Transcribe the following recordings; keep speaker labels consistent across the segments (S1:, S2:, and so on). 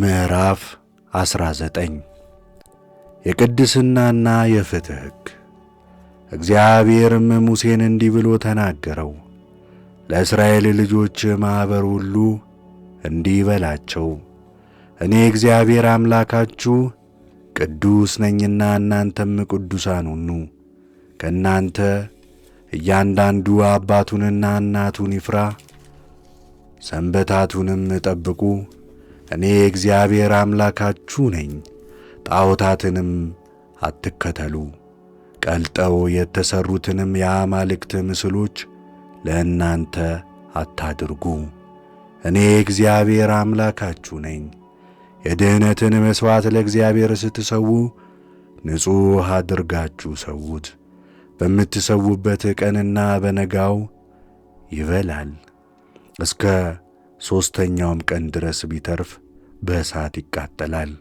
S1: ምዕራፍ 19 የቅድስናና የፍትሕ ሕግ። እግዚአብሔርም ሙሴን እንዲህ ብሎ ተናገረው። ለእስራኤል ልጆች ማኅበር ሁሉ እንዲህ በላቸው፣ እኔ እግዚአብሔር አምላካችሁ ቅዱስ ነኝና እናንተም ቅዱሳን ሁኑ። ከእናንተ እያንዳንዱ አባቱንና እናቱን ይፍራ፣ ሰንበታቱንም ጠብቁ እኔ እግዚአብሔር አምላካችሁ ነኝ። ጣዖታትንም አትከተሉ፣ ቀልጠው የተሠሩትንም የአማልክት ምስሎች ለእናንተ አታድርጉ። እኔ እግዚአብሔር አምላካችሁ ነኝ። የድኅነትን መሥዋዕት ለእግዚአብሔር ስትሰዉ ንጹሕ አድርጋችሁ ሰዉት። በምትሰዉበት ቀንና በነጋው ይበላል እስከ ሦስተኛውም ቀን ድረስ ቢተርፍ በእሳት ይቃጠላል።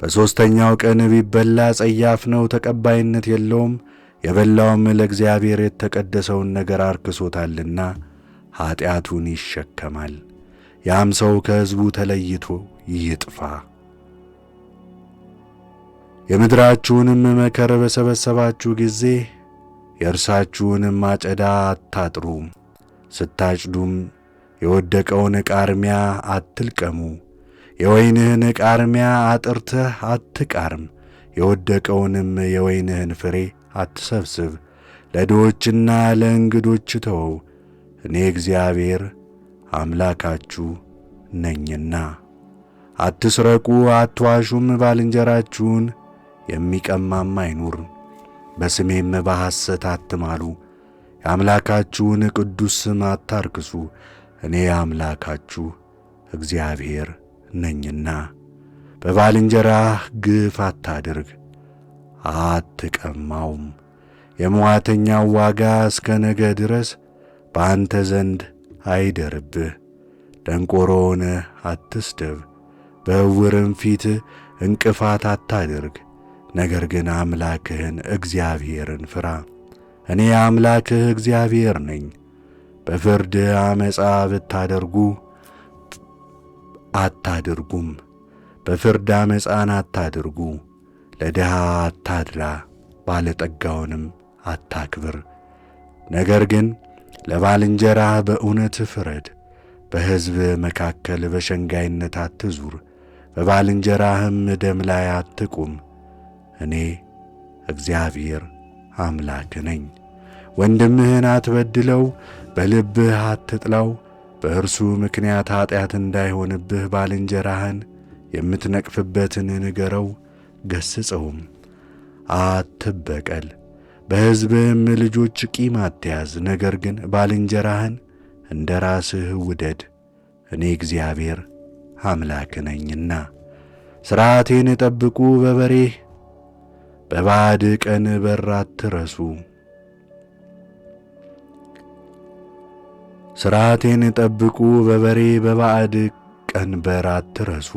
S1: በሦስተኛው ቀን ቢበላ ጸያፍ ነው፣ ተቀባይነት የለውም። የበላውም ለእግዚአብሔር የተቀደሰውን ነገር አርክሶታልና ኀጢአቱን ይሸከማል። ያም ሰው ከሕዝቡ ተለይቶ ይጥፋ። የምድራችሁንም መከር በሰበሰባችሁ ጊዜ የእርሳችሁንም አጨዳ አታጥሩ፣ ስታጭዱም የወደቀውን ቃርሚያ አትልቀሙ። የወይንህን ቃርሚያ አጥርተህ አትቃርም፣ የወደቀውንም የወይንህን ፍሬ አትሰብስብ። ለድሆችና ለእንግዶች ተወው፣ እኔ እግዚአብሔር አምላካችሁ ነኝና። አትስረቁ፣ አትዋሹም፣ ባልንጀራችሁን የሚቀማም አይኑር። በስሜም በሐሰት አትማሉ፣ የአምላካችሁን ቅዱስ ስም አታርክሱ። እኔ አምላካችሁ እግዚአብሔር ነኝና በባልንጀራህ ግፍ አታድርግ፣ አትቀማውም። የሟተኛው ዋጋ እስከ ነገ ድረስ በአንተ ዘንድ አይደርብህ። ደንቆሮውን አትስደብ፣ በእውርም ፊት እንቅፋት አታድርግ። ነገር ግን አምላክህን እግዚአብሔርን ፍራ። እኔ አምላክህ እግዚአብሔር ነኝ። በፍርድ አመፃ ብታደርጉ አታድርጉም። በፍርድ አመፃን አታድርጉ። ለድሃ አታድላ፣ ባለጠጋውንም አታክብር። ነገር ግን ለባልንጀራ በእውነት ፍረድ። በሕዝብ መካከል በሸንጋይነት አትዙር፣ በባልንጀራህም ደም ላይ አትቁም። እኔ እግዚአብሔር አምላክ ነኝ። ወንድምህን አትበድለው፣ በልብህ አትጥላው። በእርሱ ምክንያት ኀጢአት እንዳይሆንብህ ባልንጀራህን የምትነቅፍበትን ንገረው፣ ገስጸውም። አትበቀል፣ በሕዝብህም ልጆች ቂም አትያዝ። ነገር ግን ባልንጀራህን እንደ ራስህ ውደድ፣ እኔ እግዚአብሔር አምላክ ነኝና። ሥርዓቴን ጠብቁ፣ በበሬ በባዕድ ቀን በር አትረሱ። ሥርዓቴን ጠብቁ፣ በበሬ በባዕድ ቀንበር አትረሱ።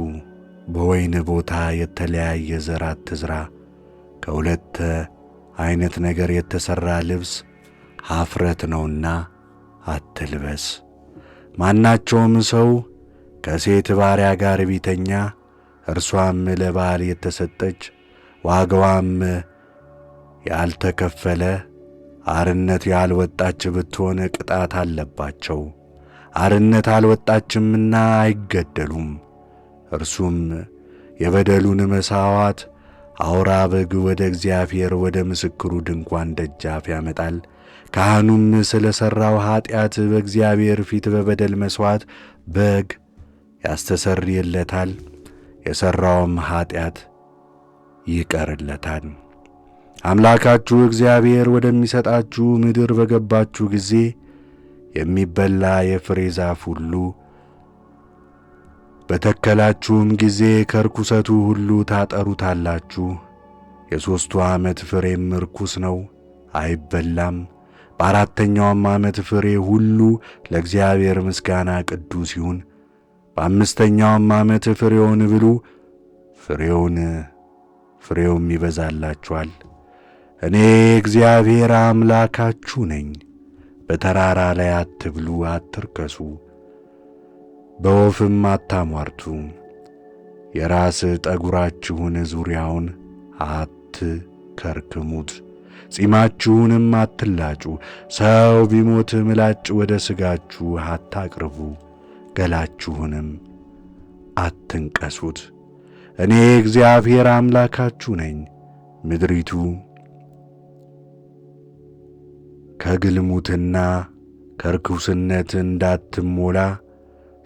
S1: በወይን ቦታ የተለያየ ዘር አትዝራ። ከሁለት ዐይነት ነገር የተሠራ ልብስ ኀፍረት ነውና አትልበስ። ማናቸውም ሰው ከሴት ባሪያ ጋር ቢተኛ እርሷም ለባል የተሰጠች ዋጋዋም ያልተከፈለ አርነት ያልወጣች ብትሆን ቅጣት አለባቸው። አርነት አልወጣችምና አይገደሉም። እርሱም የበደሉን መሳዋት አውራ በግ ወደ እግዚአብሔር ወደ ምስክሩ ድንኳን ደጃፍ ያመጣል። ካህኑም ስለ ሠራው ኀጢአት በእግዚአብሔር ፊት በበደል መሥዋዕት በግ ያስተሰርየለታል። የሠራውም ኀጢአት ይቀርለታል። አምላካችሁ እግዚአብሔር ወደሚሰጣችሁ ምድር በገባችሁ ጊዜ የሚበላ የፍሬ ዛፍ ሁሉ በተከላችሁም ጊዜ ከርኩሰቱ ሁሉ ታጠሩታላችሁ። የሦስቱ ዓመት ፍሬም ርኩስ ነው፣ አይበላም። በአራተኛውም ዓመት ፍሬ ሁሉ ለእግዚአብሔር ምስጋና ቅዱስ ይሁን። በአምስተኛውም ዓመት ፍሬውን ብሉ፣ ፍሬውን ፍሬውም ይበዛላችኋል። እኔ እግዚአብሔር አምላካችሁ ነኝ። በተራራ ላይ አትብሉ፣ አትርከሱ፣ በወፍም አታሟርቱ። የራስ ጠጉራችሁን ዙሪያውን አትከርክሙት፣ ጺማችሁንም አትላጩ። ሰው ቢሞት ምላጭ ወደ ሥጋችሁ አታቅርቡ፣ ገላችሁንም አትንቀሱት። እኔ እግዚአብሔር አምላካችሁ ነኝ። ምድሪቱ ከግልሙትና ከርኩስነት እንዳትሞላ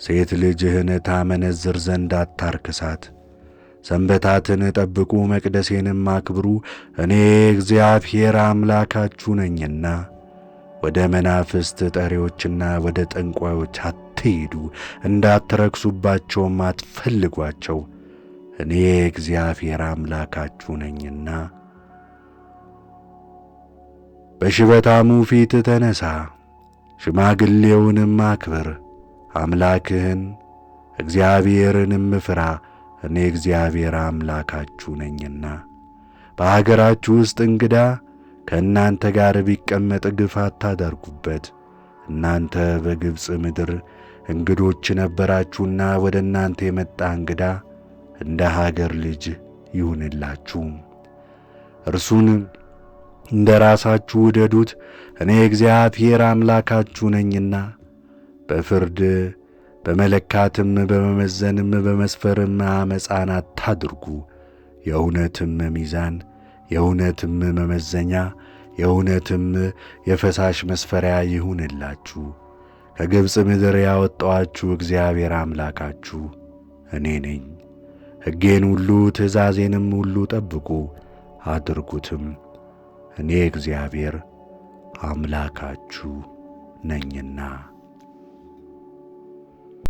S1: ሴት ልጅህን ታመነዝር ዘንድ አታርክሳት። ሰንበታትን ጠብቁ፣ መቅደሴንም አክብሩ፣ እኔ እግዚአብሔር አምላካችሁ ነኝና። ወደ መናፍስት ጠሪዎችና ወደ ጠንቋዮች አትሂዱ፣ እንዳትረክሱባቸውም አትፈልጓቸው፣ እኔ እግዚአብሔር አምላካችሁ ነኝና። በሽበታሙ ፊት ተነሳ፣ ሽማግሌውንም አክብር። አምላክህን እግዚአብሔርንም ፍራ፣ እኔ እግዚአብሔር አምላካችሁ ነኝና። በአገራችሁ ውስጥ እንግዳ ከእናንተ ጋር ቢቀመጥ ግፍ አታደርጉበት። እናንተ በግብፅ ምድር እንግዶች ነበራችሁና ወደ እናንተ የመጣ እንግዳ እንደ ሀገር ልጅ ይሁንላችሁ እርሱን እንደ ራሳችሁ ውደዱት፣ እኔ እግዚአብሔር አምላካችሁ ነኝና። በፍርድ በመለካትም በመመዘንም በመስፈርም ዓመፃን አታድርጉ። የእውነትም ሚዛን የእውነትም መመዘኛ የእውነትም የፈሳሽ መስፈሪያ ይሁንላችሁ። ከግብፅ ምድር ያወጣኋችሁ እግዚአብሔር አምላካችሁ እኔ ነኝ። ሕጌን ሁሉ ትእዛዜንም ሁሉ ጠብቁ አድርጉትም። እኔ እግዚአብሔር አምላካችሁ ነኝና